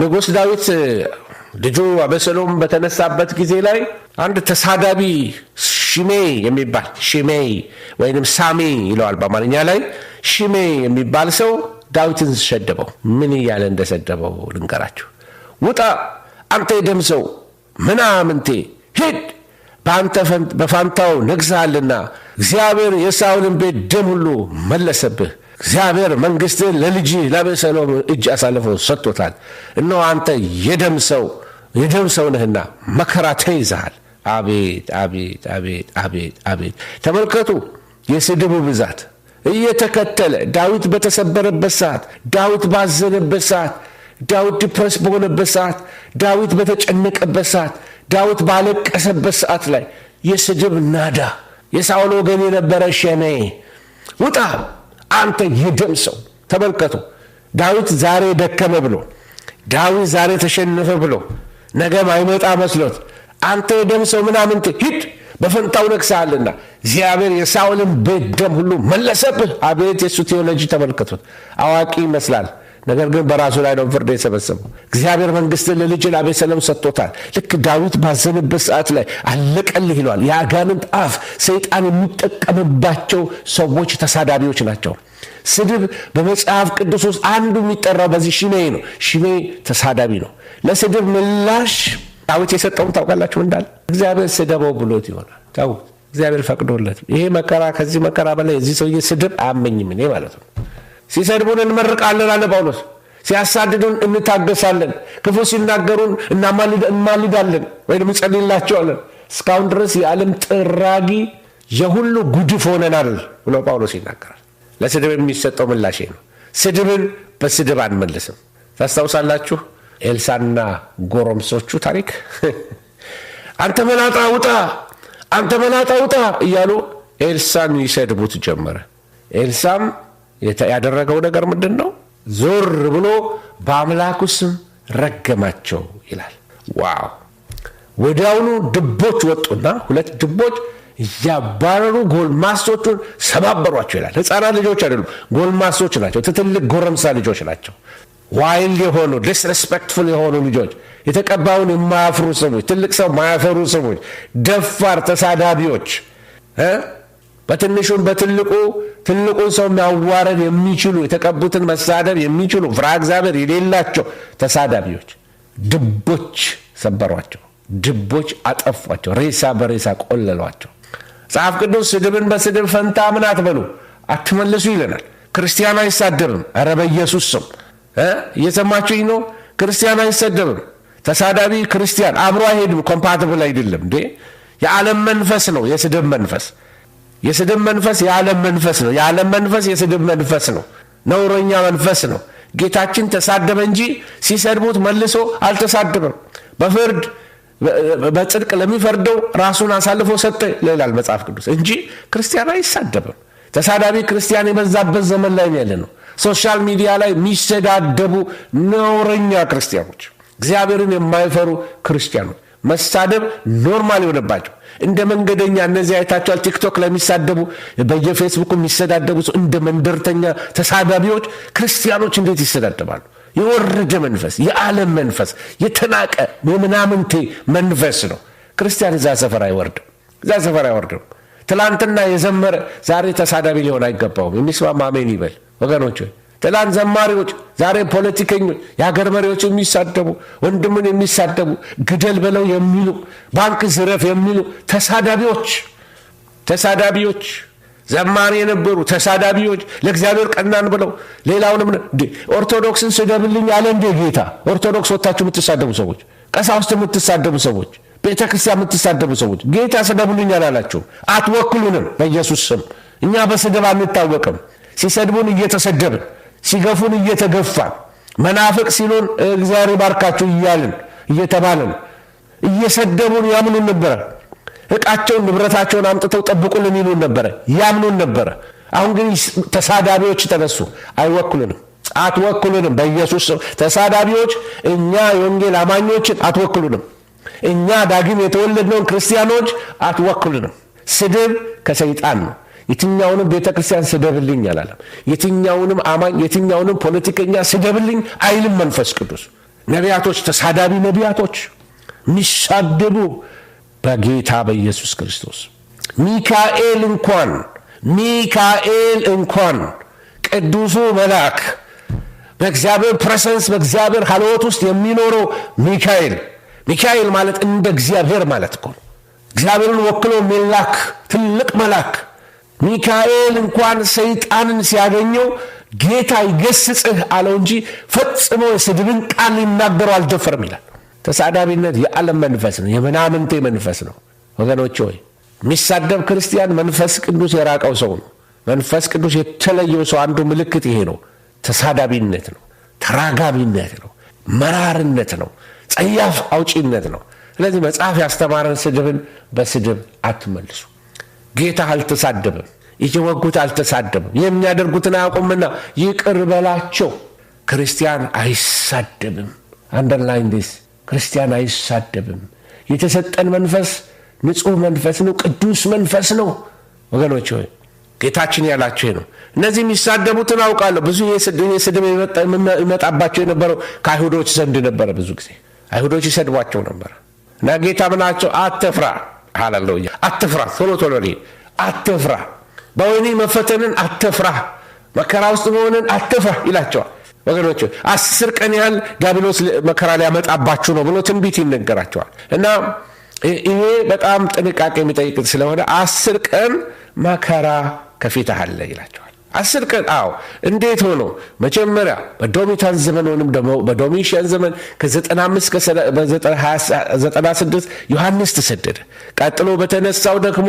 ንጉሥ ዳዊት ልጁ አበሰሎም በተነሳበት ጊዜ ላይ አንድ ተሳዳቢ ሽሜ የሚባል ሽሜ ወይም ሳሜ ይለዋል በአማርኛ ላይ ሽሜ የሚባል ሰው ዳዊትን ሰደበው። ምን እያለ እንደሰደበው ልንገራችሁ። ውጣ አንተ የደም ሰው ምናምንቴ፣ ሂድ በአንተ በፋንታው ነግሰሃልና፣ እግዚአብሔር የሳውልን ቤት ደም ሁሉ መለሰብህ እግዚአብሔር መንግስት ለልጅ ለአቤሴሎም እጅ አሳልፎ ሰጥቶታል። እነሆ አንተ የደም ሰው የደም ሰው ነህና መከራ ተይዘሃል። አቤት አቤት አቤት አቤት አቤት! ተመልከቱ የስድቡ ብዛት እየተከተለ ዳዊት በተሰበረበት ሰዓት፣ ዳዊት ባዘነበት ሰዓት፣ ዳዊት ዲፕረስ በሆነበት ሰዓት፣ ዳዊት በተጨነቀበት ሰዓት፣ ዳዊት ባለቀሰበት ሰዓት ላይ የስድብ ናዳ፣ የሳውል ወገን የነበረ ሸኔ ውጣ አንተ የደም ሰው ተመልከቱ። ዳዊት ዛሬ ደከመ ብሎ ዳዊት ዛሬ ተሸነፈ ብሎ ነገም አይመጣ መስሎት አንተ የደም ሰው ምናምን ሂድ በፈንታው ነግሰሃልና እግዚአብሔር የሳውልን ቤት ደም ሁሉ መለሰብህ። አቤት የሱ ቴዎሎጂ ተመልከቱት። አዋቂ ይመስላል። ነገር ግን በራሱ ላይ ነው ፍርድ የሰበሰበው። እግዚአብሔር መንግስትን ለልጅ ለአቤተ ሰሎም ሰጥቶታል። ልክ ዳዊት ባዘነበት ሰዓት ላይ አለቀልህ ይለዋል። የአጋንንት አፍ ሰይጣን የሚጠቀምባቸው ሰዎች ተሳዳቢዎች ናቸው። ስድብ በመጽሐፍ ቅዱስ ውስጥ አንዱ የሚጠራው በዚህ ሽሜ ነው። ሽሜ ተሳዳቢ ነው። ለስድብ ምላሽ ዳዊት የሰጠውን ታውቃላችሁ እንዳለ እግዚአብሔር ስደበው ብሎት ይሆናል። እግዚአብሔር ፈቅዶለት ይሄ መከራ ከዚህ መከራ በላይ የዚህ ሰውዬ ስድብ አያመኝም እኔ ማለት ነው። ሲሰድቡን እንመርቃለን አለ ጳውሎስ። ሲያሳድዱን እንታገሳለን። ክፉ ሲናገሩን እናማልዳለን ወይም እንጸልይላቸዋለን። እስካሁን ድረስ የዓለም ጥራጊ የሁሉ ጉድፍ ሆነናል ብሎ ጳውሎስ ይናገራል። ለስድብ የሚሰጠው ምላሽ ነው። ስድብን በስድብ አንመልስም። ታስታውሳላችሁ ኤልሳና ጎረምሶቹ ታሪክ። አንተ መላጣ ውጣ፣ አንተ መላጣ ውጣ እያሉ ኤልሳን ይሰድቡት ጀመረ። ኤልሳም ያደረገው ነገር ምንድን ነው? ዞር ብሎ በአምላኩ ስም ረገማቸው ይላል። ዋው! ወዲያውኑ ድቦች ወጡና ሁለት ድቦች እያባረሩ ጎልማሶቹን ሰባበሯቸው ይላል። ህፃናት ልጆች አይደሉም፣ ጎልማሶች ናቸው። ትትልቅ ጎረምሳ ልጆች ናቸው። ዋይልድ የሆኑ ዲስሬስፔክትፉል የሆኑ ልጆች፣ የተቀባውን የማያፍሩ ሰዎች፣ ትልቅ ሰው ማያፈሩ ሰዎች፣ ደፋር ተሳዳቢዎች በትንሹም በትልቁ ትልቁን ሰው የሚያዋረድ የሚችሉ የተቀቡትን መሳደብ የሚችሉ ፍራ እግዚአብሔር የሌላቸው ተሳዳቢዎች ድቦች ሰበሯቸው፣ ድቦች አጠፏቸው፣ ሬሳ በሬሳ ቆለሏቸው። መጽሐፍ ቅዱስ ስድብን በስድብ ፈንታ ምን አትበሉ አትመልሱ ይለናል። ክርስቲያን አይሳደብም። ኧረ በኢየሱስ ስም እየሰማችሁኝ ነው? ክርስቲያን አይሰደብም። ተሳዳቢ ክርስቲያን አብሮ አይሄድም። ኮምፓትብል አይደለም እንዴ! የዓለም መንፈስ ነው የስድብ መንፈስ። የስድብ መንፈስ የዓለም መንፈስ ነው። የዓለም መንፈስ የስድብ መንፈስ ነው፣ ነውረኛ መንፈስ ነው። ጌታችን ተሳደበ እንጂ ሲሰድቡት መልሶ አልተሳደበም። በፍርድ በጽድቅ ለሚፈርደው ራሱን አሳልፎ ሰጠ ይላል መጽሐፍ ቅዱስ እንጂ ክርስቲያን አይሳደብም። ተሳዳቢ ክርስቲያን የበዛበት ዘመን ላይ ያለ ነው። ሶሻል ሚዲያ ላይ የሚሰዳደቡ ነውረኛ ክርስቲያኖች፣ እግዚአብሔርን የማይፈሩ ክርስቲያኖች መሳደብ ኖርማል የሆነባቸው እንደ መንገደኛ እነዚህ አይታቸዋል። ቲክቶክ ለሚሳደቡ በየፌስቡክ የሚሰዳደቡ ሰው እንደ መንደርተኛ ተሳዳቢዎች ክርስቲያኖች እንዴት ይሰዳደባሉ? የወረደ መንፈስ፣ የዓለም መንፈስ፣ የተናቀ የምናምንቴ መንፈስ ነው። ክርስቲያን እዛ ሰፈር አይወርድም፣ እዛ ሰፈር አይወርድም። ትላንትና የዘመረ ዛሬ ተሳዳቢ ሊሆን አይገባውም። የሚስማማ አሜን ይበል ወገኖች። ትላንት ዘማሪዎች፣ ዛሬ ፖለቲከኞች፣ የሀገር መሪዎች የሚሳደቡ ወንድምን የሚሳደቡ ግደል ብለው የሚሉ ባንክ ዝረፍ የሚሉ ተሳዳቢዎች ተሳዳቢዎች ዘማሪ የነበሩ ተሳዳቢዎች ለእግዚአብሔር ቀናን ብለው ሌላውንም ኦርቶዶክስን ስደብልኝ አለ እንደ ጌታ። ኦርቶዶክስ ወታችሁ የምትሳደቡ ሰዎች፣ ቀሳውስት የምትሳደቡ ሰዎች፣ ቤተ ክርስቲያን የምትሳደቡ ሰዎች ጌታ ስደብልኝ አላላችሁም። አትወክሉንም። በኢየሱስ ስም እኛ በስድብ አንታወቅም። ሲሰድቡን እየተሰደብን ሲገፉን እየተገፋን መናፍቅ ሲሉን እግዚአብሔር ይባርካቸው እያልን እየተባልን እየሰደቡን ያምኑን ነበረ። እቃቸውን ንብረታቸውን አምጥተው ጠብቁልን ይሉን ነበረ፣ ያምኑን ነበረ። አሁን ግን ተሳዳቢዎች ተነሱ። አይወክሉንም፣ አትወክሉንም። በኢየሱስ ተሳዳቢዎች እኛ የወንጌል አማኞችን አትወክሉንም። እኛ ዳግም የተወለድነውን ክርስቲያኖች አትወክሉንም። ስድብ ከሰይጣን ነው። የትኛውንም ቤተ ክርስቲያን ስደብልኝ አላለም። የትኛውንም አማኝ፣ የትኛውንም ፖለቲከኛ ስደብልኝ አይልም መንፈስ ቅዱስ። ነቢያቶች ተሳዳቢ ነቢያቶች የሚሳደቡ በጌታ በኢየሱስ ክርስቶስ ሚካኤል እንኳን ሚካኤል እንኳን ቅዱሱ መልአክ በእግዚአብሔር ፕሬሰንስ በእግዚአብሔር ሀልወት ውስጥ የሚኖረው ሚካኤል ሚካኤል ማለት እንደ እግዚአብሔር ማለት እኮ እግዚአብሔርን ወክሎ የሚላክ ትልቅ መልአክ ሚካኤል እንኳን ሰይጣንን ሲያገኘው ጌታ ይገስጽህ አለው እንጂ ፈጽሞ የስድብን ቃል ሊናገረው አልደፈርም ይላል። ተሳዳቢነት የዓለም መንፈስ ነው፣ የመናምንቴ መንፈስ ነው። ወገኖች ሆይ የሚሳደብ ክርስቲያን መንፈስ ቅዱስ የራቀው ሰው ነው። መንፈስ ቅዱስ የተለየው ሰው አንዱ ምልክት ይሄ ነው። ተሳዳቢነት ነው፣ ተራጋቢነት ነው፣ መራርነት ነው፣ ጸያፍ አውጪነት ነው። ስለዚህ መጽሐፍ ያስተማረን ስድብን በስድብ አትመልሱ። ጌታ አልተሳደበም፣ እየወጉት አልተሳደበም። የሚያደርጉትን አያውቁምና ይቅር በላቸው። ክርስቲያን አይሳደብም። አንደርላይን ዲስ ክርስቲያን አይሳደብም። የተሰጠን መንፈስ ንጹሕ መንፈስ ነው፣ ቅዱስ መንፈስ ነው። ወገኖች ሆይ ጌታችን ያላቸው ነው። እነዚህ የሚሳደቡትን አውቃለሁ። ብዙ የስድብ ይመጣባቸው የነበረው ከአይሁዶች ዘንድ ነበረ። ብዙ ጊዜ አይሁዶች ይሰድቧቸው ነበረ እና ጌታ ምናቸው አትፍራ ሃላለውኛ አትፍራ፣ ቶሎ ቶሎ አትፍራ፣ በወህኒ መፈተንን አትፍራ፣ መከራ ውስጥ መሆንን አትፍራ ይላቸዋል። ወገኖች አስር ቀን ያህል ዲያብሎስ መከራ ሊያመጣባችሁ ነው ብሎ ትንቢት ይነገራቸዋል እና ይሄ በጣም ጥንቃቄ የሚጠይቅ ስለሆነ አስር ቀን መከራ ከፊትህ አለ ይላቸዋል። አስር ቀን አዎ። እንዴት ሆኖ መጀመሪያ በዶሚታን ዘመን ወይም ደሞ በዶሚሽያን ዘመን ከ95-96 ዮሐንስ ተሰደደ። ቀጥሎ በተነሳው ደግሞ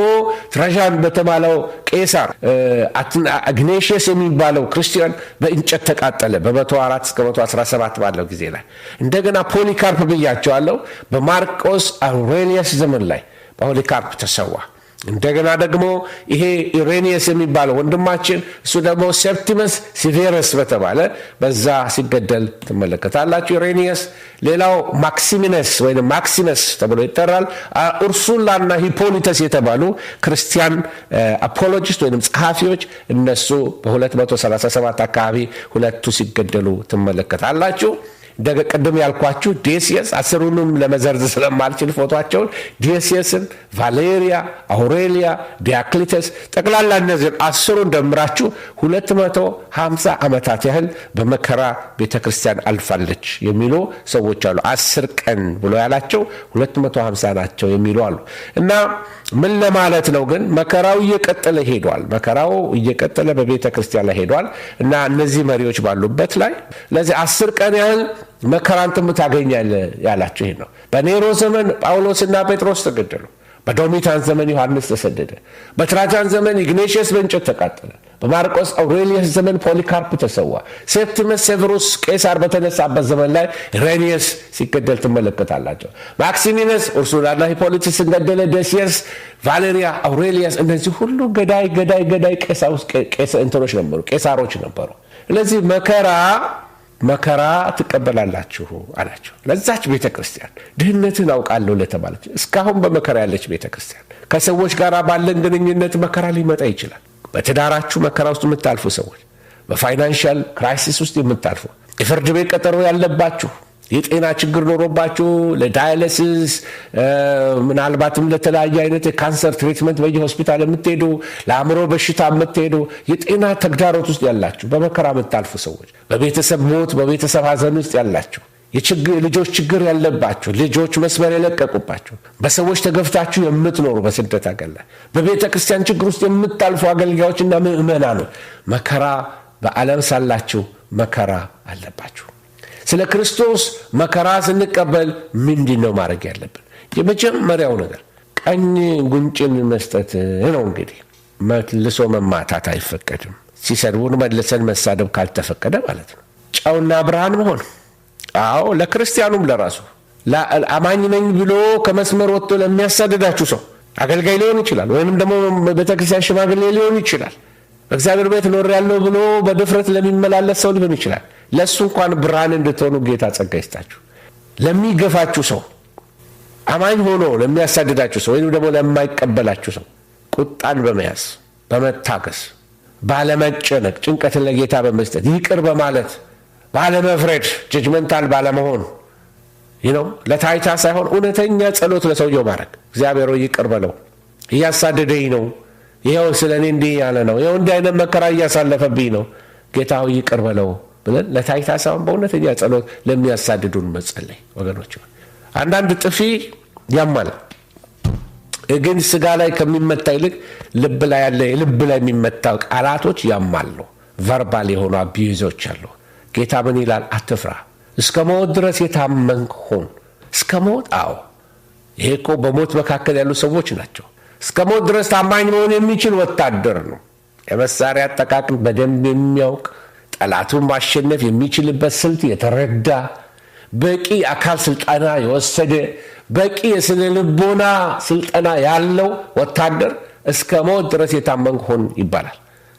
ትራዣን በተባለው ቄሳር አግኔሽየስ የሚባለው ክርስቲያን በእንጨት ተቃጠለ። በ104 እስከ 117 ባለው ጊዜ ላይ እንደገና ፖሊካርፕ ብያቸዋለሁ። በማርቆስ አውሬሊየስ ዘመን ላይ ፖሊካርፕ ተሰዋ። እንደገና ደግሞ ይሄ ኢሬኒየስ የሚባለው ወንድማችን እሱ ደግሞ ሴፕቲመስ ሲቬረስ በተባለ በዛ ሲገደል ትመለከታላችሁ። ኢሬኒየስ ሌላው ማክሲሚነስ ወይም ማክሲመስ ተብሎ ይጠራል። እርሱላና ሂፖሊተስ የተባሉ ክርስቲያን አፖሎጂስት ወይም ጸሐፊዎች እነሱ በ237 አካባቢ ሁለቱ ሲገደሉ ትመለከታላችሁ። ቅድም ያልኳችሁ ዴሲየስ አስሩንም ለመዘርዝ ስለማልችል ፎቶቸውን ዴሲየስን፣ ቫሌሪያ፣ አውሬሊያ፣ ዲያክሊተስ ጠቅላላ እነዚህን አስሩን ደምራችሁ 250 ዓመታት ያህል በመከራ ቤተ ክርስቲያን አልፋለች የሚሉ ሰዎች አሉ። አስር ቀን ብሎ ያላቸው 250 ናቸው የሚሉ አሉ እና ምን ለማለት ነው ግን መከራው እየቀጠለ ሄዷል። መከራው እየቀጠለ በቤተ ክርስቲያን ላይ ሄዷል እና እነዚህ መሪዎች ባሉበት ላይ ለዚህ አስር ቀን ያህል መከራን ትምታገኛል ያላቸው ይሄ ነው። በኔሮ ዘመን ጳውሎስና ጴጥሮስ ተገደሉ። በዶሚታን ዘመን ዮሐንስ ተሰደደ። በትራጃን ዘመን ኢግኔሽየስ በእንጨት ተቃጠለ። በማርቆስ አውሬሊየስ ዘመን ፖሊካርፕ ተሰዋ። ሴፕቲመስ ሴቨሩስ ቄሳር በተነሳበት ዘመን ላይ ሬኒየስ ሲገደል ትመለከታላቸው። ማክሲሚነስ ኡርሱላና ሂፖሊትስን እንገደለ፣ ደሲየስ፣ ቫሌሪያ፣ አውሬሊየስ እነዚህ ሁሉ ገዳይ ገዳይ ገዳይ ቄሳሮች ነበሩ። ስለዚህ መከራ መከራ ትቀበላላችሁ አላቸው። ለዛች ቤተ ክርስቲያን ድህነትን አውቃለሁ ለተባለች እስካሁን በመከራ ያለች ቤተ ክርስቲያን ከሰዎች ጋር ባለን ግንኙነት መከራ ሊመጣ ይችላል። በትዳራችሁ መከራ ውስጥ የምታልፉ ሰዎች፣ በፋይናንሻል ክራይሲስ ውስጥ የምታልፉ፣ የፍርድ ቤት ቀጠሮ ያለባችሁ የጤና ችግር ኖሮባቸው ለዳያለሲስ ምናልባትም ለተለያየ አይነት የካንሰር ትሪትመንት በየሆስፒታል የምትሄዱ ለአእምሮ በሽታ የምትሄዱ የጤና ተግዳሮት ውስጥ ያላችሁ በመከራ የምታልፉ ሰዎች በቤተሰብ ሞት፣ በቤተሰብ ሀዘን ውስጥ ያላችሁ ልጆች ችግር ያለባችሁ ልጆች መስመር የለቀቁባችሁ በሰዎች ተገፍታችሁ የምትኖሩ በስደት አገላ በቤተ ክርስቲያን ችግር ውስጥ የምታልፉ አገልጋዮችና ምእመና ነው። መከራ በዓለም ሳላችሁ መከራ አለባችሁ። ስለ ክርስቶስ መከራ ስንቀበል ምንድን ነው ማድረግ ያለብን? የመጀመሪያው ነገር ቀኝ ጉንጭን መስጠት ነው። እንግዲህ መልሶ መማታት አይፈቀድም። ሲሰድቡን መልሰን መሳደብ ካልተፈቀደ ማለት ነው። ጨውና ብርሃን መሆን አዎ፣ ለክርስቲያኑም ለራሱ አማኝ ነኝ ብሎ ከመስመር ወጥቶ ለሚያሳድዳችሁ ሰው አገልጋይ ሊሆን ይችላል፣ ወይም ደግሞ ቤተክርስቲያን ሽማግሌ ሊሆን ይችላል እግዚአብሔር ቤት ያለው ብሎ በድፍረት ለሚመላለስ ሰው ሊሆን ይችላል። ለእሱ እንኳን ብርሃን እንድትሆኑ ጌታ ጸጋ ይስጣችሁ። ለሚገፋችሁ ሰው፣ አማኝ ሆኖ ለሚያሳድዳችሁ ሰው ወይም ደግሞ ለማይቀበላችሁ ሰው ቁጣን በመያዝ በመታገስ ባለመጨነቅ፣ ጭንቀትን ለጌታ በመስጠት ይቅር በማለት ባለመፍረድ፣ ጀጅመንታል ባለመሆን ነው። ለታይታ ሳይሆን እውነተኛ ጸሎት ለሰውየው ማድረግ እግዚአብሔር ይቅር በለው እያሳደደኝ ነው ይኸው ስለ እኔ እንዲህ ያለ ነው፣ ይኸው እንዲህ አይነት መከራ እያሳለፈብኝ ነው፣ ጌታ ሆይ ይቅር በለው ብለን ለታይታ ሳይሆን በእውነተኛ ጸሎት ለሚያሳድዱን መጸለይ ወገኖች። አንዳንድ ጥፊ ያማል፣ ግን ስጋ ላይ ከሚመታ ይልቅ ልብ ላይ ያለ ልብ ላይ የሚመታ ቃላቶች ያማሉ። ቨርባል የሆኑ አቢዩዞች አሉ። ጌታ ምን ይላል? አትፍራ፣ እስከ ሞት ድረስ የታመንክ ሆን። እስከ ሞት? አዎ ይሄ እኮ በሞት መካከል ያሉ ሰዎች ናቸው። እስከ ሞት ድረስ ታማኝ መሆን የሚችል ወታደር ነው። የመሳሪያ አጠቃቅም በደንብ የሚያውቅ ጠላቱን ማሸነፍ የሚችልበት ስልት የተረዳ በቂ አካል ስልጠና የወሰደ በቂ የስነ ልቦና ስልጠና ያለው ወታደር እስከ ሞት ድረስ የታመንክ ሁን ይባላል።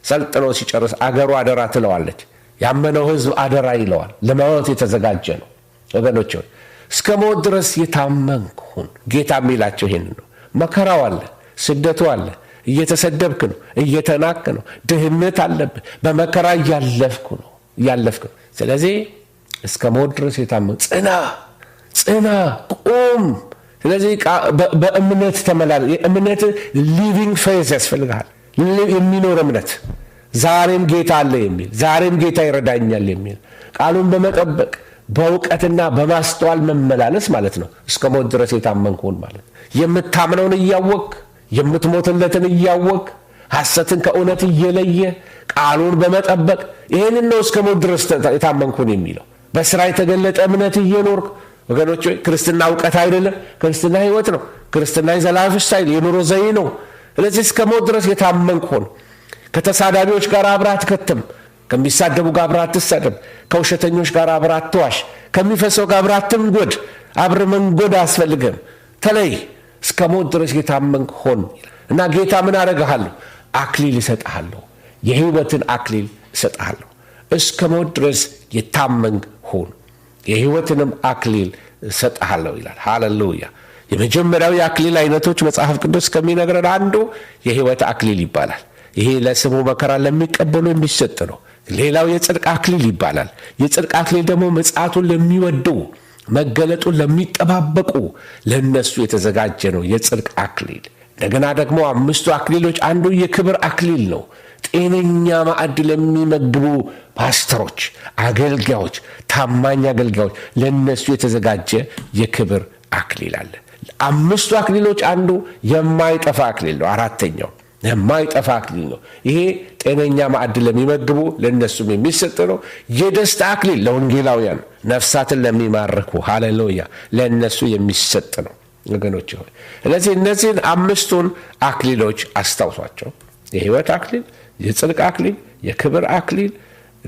ሰልጥኖ ሲጨርስ አገሩ አደራ ትለዋለች። ያመነው ሕዝብ አደራ ይለዋል። ለመሞት የተዘጋጀ ነው። ወገኖች እስከ ሞት ድረስ የታመንክ ሁን ጌታ የሚላቸው ይህን ነው። መከራው አለ። ስደቱ አለ። እየተሰደብክ ነው፣ እየተናቅ ነው፣ ድህነት አለብህ፣ በመከራ እያለፍክ ነው እያለፍክ ነው። ስለዚህ እስከ ሞት ድረስ የታመው ጽና፣ ጽና፣ ቁም። ስለዚህ በእምነት ተመላ እምነት ሊቪንግ ፌዝ ያስፈልግሃል። የሚኖር እምነት ዛሬም ጌታ አለ የሚል ዛሬም ጌታ ይረዳኛል የሚል ቃሉን በመጠበቅ በእውቀትና በማስተዋል መመላለስ ማለት ነው። እስከ ሞት ድረስ የታመንኩን ማለት የምታምነውን እያወቅ የምትሞትለትን እያወቅ ሐሰትን ከእውነት እየለየ ቃሉን በመጠበቅ ይህንን ነው እስከ ሞት ድረስ የታመንኩን የሚለው በስራ የተገለጠ እምነት እየኖርክ ወገኖች፣ ወይ ክርስትና እውቀት አይደለም፣ ክርስትና ህይወት ነው። ክርስትና የዘላፍ ስታይል የኑሮ ዘይ ነው። ስለዚህ እስከ ሞት ድረስ የታመንክ ሆን። ከተሳዳቢዎች ጋር አብረህ አትከትም፣ ከሚሳደቡ ጋር አብረህ አትሳደብ፣ ከውሸተኞች ጋር አብረህ ትዋሽ ከሚፈሰው ጋር አብረህ ትንጎድ አብር መንጎድ አያስፈልግም፣ ተለይ። እስከ ሞት ድረስ የታመንክ ሆን እና ጌታ ምን አደርግሃለሁ? አክሊል እሰጥሃለሁ፣ የህይወትን አክሊል እሰጥሃለሁ። እስከ ሞት ድረስ የታመንግ ሆን የህይወትንም አክሊል እሰጥሃለሁ ይላል። ሃሌሉያ! የመጀመሪያው የአክሊል አይነቶች መጽሐፍ ቅዱስ ከሚነግረን አንዱ የህይወት አክሊል ይባላል። ይሄ ለስሙ መከራ ለሚቀበሉ የሚሰጥ ነው። ሌላው የጽድቅ አክሊል ይባላል። የጽድቅ አክሊል ደግሞ ምጽአቱን ለሚወደው መገለጡን ለሚጠባበቁ ለእነሱ የተዘጋጀ ነው የጽድቅ አክሊል። እንደገና ደግሞ አምስቱ አክሊሎች አንዱ የክብር አክሊል ነው። ጤነኛ ማዕድ ለሚመግቡ ፓስተሮች፣ አገልጋዮች፣ ታማኝ አገልጋዮች ለእነሱ የተዘጋጀ የክብር አክሊል አለ። አምስቱ አክሊሎች አንዱ የማይጠፋ አክሊል ነው። አራተኛው የማይጠፋ አክሊል ነው። ይሄ ጤነኛ ማዕድ ለሚመግቡ ለእነሱም የሚሰጥ ነው። የደስታ አክሊል ለወንጌላውያን ነፍሳትን ለሚማርኩ ሃሌሉያ፣ ለእነሱ የሚሰጥ ነው። ወገኖች ሆይ ስለዚህ እነዚህን አምስቱን አክሊሎች አስታውሷቸው። የህይወት አክሊል፣ የጽድቅ አክሊል፣ የክብር አክሊል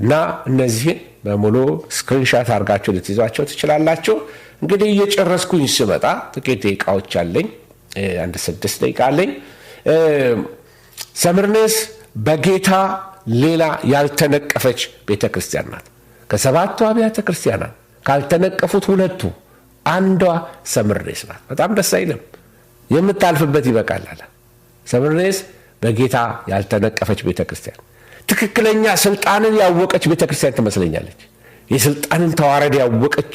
እና እነዚህን በሙሉ ስክሪንሻት አድርጋችሁ ልትይዟቸው ትችላላችሁ። እንግዲህ እየጨረስኩኝ ስመጣ ጥቂት ደቂቃዎች አለኝ። አንድ ስድስት ደቂቃ አለኝ። ሰምርኔስ በጌታ ሌላ ያልተነቀፈች ቤተ ክርስቲያን ናት። ከሰባቱ አብያተ ክርስቲያናት ካልተነቀፉት ሁለቱ አንዷ ሰምርኔስ ናት። በጣም ደስ አይልም? የምታልፍበት ይበቃል አለ። ሰምርኔስ በጌታ ያልተነቀፈች ቤተ ክርስቲያን ትክክለኛ ስልጣንን ያወቀች ቤተ ክርስቲያን ትመስለኛለች። የስልጣንን ተዋረድ ያወቀች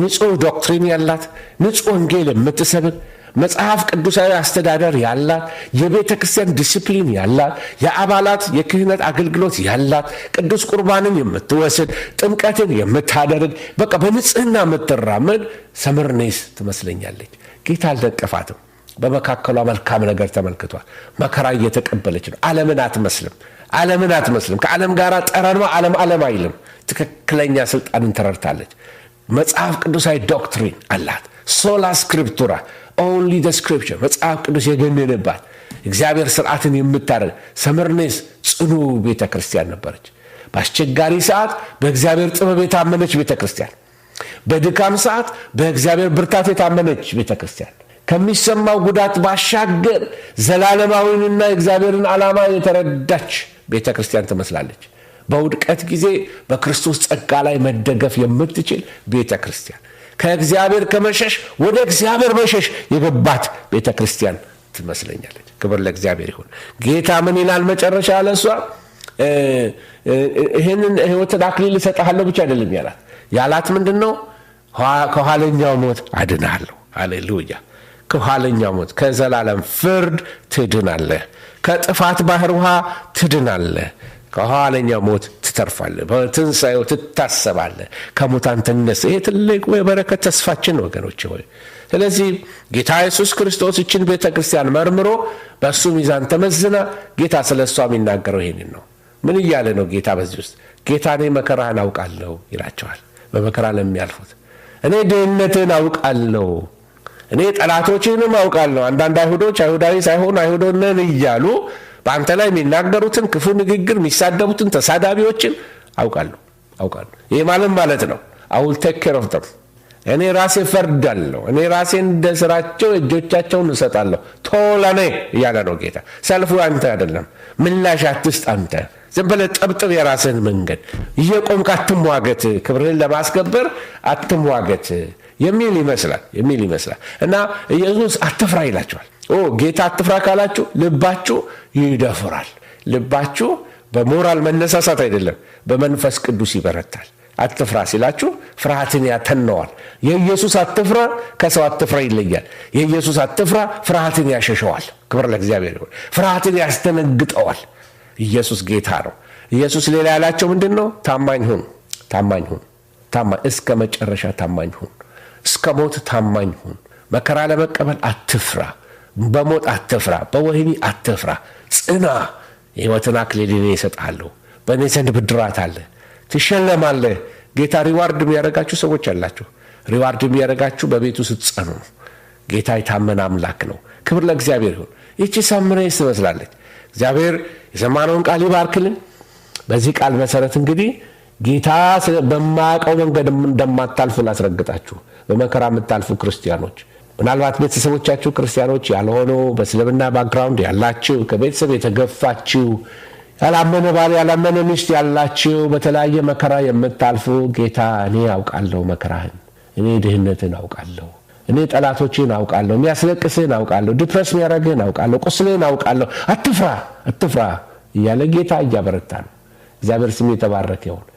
ንጹሕ ዶክትሪን ያላት ንጹሕ ወንጌል የምትሰብክ መጽሐፍ ቅዱሳዊ አስተዳደር ያላት የቤተ ክርስቲያን ዲስፕሊን ያላት የአባላት የክህነት አገልግሎት ያላት ቅዱስ ቁርባንን የምትወስድ ጥምቀትን የምታደርግ በቃ በንጽህና የምትራመድ ሰምርኔስ ትመስለኛለች። ጌታ አልደቀፋትም። በመካከሏ መልካም ነገር ተመልክቷል። መከራ እየተቀበለች ነው። ዓለምን አትመስልም። ዓለምን አትመስልም። ከዓለም ጋር ጠረኗ ዓለም ዓለም አይልም። ትክክለኛ ስልጣንን ተረድታለች። መጽሐፍ ቅዱሳዊ ዶክትሪን አላት። ሶላ ስክሪፕቱራ ኦንሊ ዘ ስክሪፕቸር መጽሐፍ ቅዱስ የገነነባት እግዚአብሔር ስርዓትን የምታደርግ ሰምርኔስ ጽኑ ቤተ ክርስቲያን ነበረች። በአስቸጋሪ ሰዓት በእግዚአብሔር ጥበብ የታመነች ቤተ ክርስቲያን፣ በድካም ሰዓት በእግዚአብሔር ብርታት የታመነች ቤተ ክርስቲያን ከሚሰማው ጉዳት ባሻገር ዘላለማዊንና እግዚአብሔርን ዓላማ የተረዳች ቤተ ክርስቲያን ትመስላለች። በውድቀት ጊዜ በክርስቶስ ጸጋ ላይ መደገፍ የምትችል ቤተ ክርስቲያን ከእግዚአብሔር ከመሸሽ ወደ እግዚአብሔር መሸሽ የገባት ቤተ ክርስቲያን ትመስለኛለች። ክብር ለእግዚአብሔር ይሁን። ጌታ ምን ይላል መጨረሻ ለእሷ ይህንን ህይወትን አክሊል እሰጥሃለሁ ብቻ አይደለም ያላት ያላት ምንድን ነው? ከኋለኛው ሞት አድናለሁ። አሌሉያ! ከኋለኛው ሞት ከዘላለም ፍርድ ትድናለህ። ከጥፋት ባህር ውሃ ትድናለህ። ከኋለኛው ሞት ትተርፋለህ፣ በትንሣኤው ትታሰባለህ፣ ከሙታን ትነሳለህ። ይሄ ትልቅ የበረከት ተስፋችን ወገኖች ሆይ ስለዚህ ጌታ ኢየሱስ ክርስቶስ እችን ቤተ ክርስቲያን መርምሮ በእሱ ሚዛን ተመዝና ጌታ ስለ እሷ የሚናገረው ይሄንን ነው። ምን እያለ ነው ጌታ በዚህ ውስጥ? ጌታ እኔ መከራህን አውቃለሁ ይላቸዋል። በመከራ ለሚያልፉት እኔ ድህነትህን አውቃለሁ፣ እኔ ጠላቶችህንም አውቃለሁ። አንዳንድ አይሁዶች አይሁዳዊ ሳይሆን አይሁዶነን እያሉ በአንተ ላይ የሚናገሩትን ክፉ ንግግር የሚሳደቡትን ተሳዳቢዎችን አውቃለሁ አውቃለሁ። ይህ ማለት ማለት ነው አውል ቴክ ኬር ኦፍ ደም እኔ ራሴ ፈርዳለሁ። እኔ ራሴ እንደ ስራቸው እጆቻቸውን እሰጣለሁ። ቶላኔ እያለ ነው ጌታ። ሰልፉ አንተ አይደለም። ምላሽ አትስጥ አንተ ዝም ብለህ ጥብጥብ የራስህን መንገድ እየቆምክ አትሟገት፣ ክብርህን ለማስከበር አትሟገት የሚል ይመስላል የሚል ይመስላል እና ኢየሱስ አትፍራ ይላቸዋል። ጌታ አትፍራ ካላችሁ ልባችሁ ይደፍራል። ልባችሁ በሞራል መነሳሳት አይደለም፣ በመንፈስ ቅዱስ ይበረታል። አትፍራ ሲላችሁ ፍርሃትን ያተነዋል። የኢየሱስ አትፍራ ከሰው አትፍራ ይለያል። የኢየሱስ አትፍራ ፍርሃትን ያሸሸዋል። ክብር ለእግዚአብሔር ይሁን። ፍርሃትን ያስተነግጠዋል ኢየሱስ ጌታ ነው። ኢየሱስ ሌላ ያላቸው ምንድን ነው? ታማኝ ሁን፣ ታማኝ ሁን፣ ታማኝ እስከ መጨረሻ ታማኝ ሁን፣ እስከ ሞት ታማኝ ሁን፣ መከራ ለመቀበል አትፍራ በሞት አትፍራ፣ በወህኒ አትፍራ፣ ጽና፣ የሕይወትን አክሊል እኔ እሰጥሃለሁ፣ በእኔ ዘንድ ብድራት አለ፣ ትሸለማለህ። ጌታ ሪዋርድ የሚያደርጋችሁ ሰዎች አላችሁ። ሪዋርድ የሚያደርጋችሁ በቤቱ ስትጸኑ ነው። ጌታ የታመነ አምላክ ነው። ክብር ለእግዚአብሔር ይሁን። ይቺ ሳምሬስ ትመስላለች። እግዚአብሔር የሰማነውን ቃል ይባርክልን። በዚህ ቃል መሰረት እንግዲህ ጌታ በማያውቀው መንገድ እንደማታልፉ ላስረግጣችሁ፣ በመከራ የምታልፉ ክርስቲያኖች ምናልባት ቤተሰቦቻችሁ ክርስቲያኖች ያልሆኑ በእስልምና ባክግራውንድ ያላችሁ ከቤተሰብ የተገፋችሁ ያላመነ ባል ያላመነ ሚስት ያላችሁ በተለያየ መከራ የምታልፉ ጌታ እኔ አውቃለሁ መከራህን፣ እኔ ድህነትን አውቃለሁ፣ እኔ ጠላቶችን አውቃለሁ፣ የሚያስለቅስህን አውቃለሁ፣ ዲፕረስ የሚያደርግህን አውቃለሁ፣ ቁስልህን አውቃለሁ፣ አትፍራ አትፍራ እያለ ጌታ እያበረታ ነው። እግዚአብሔር ስም የተባረከ ይሆን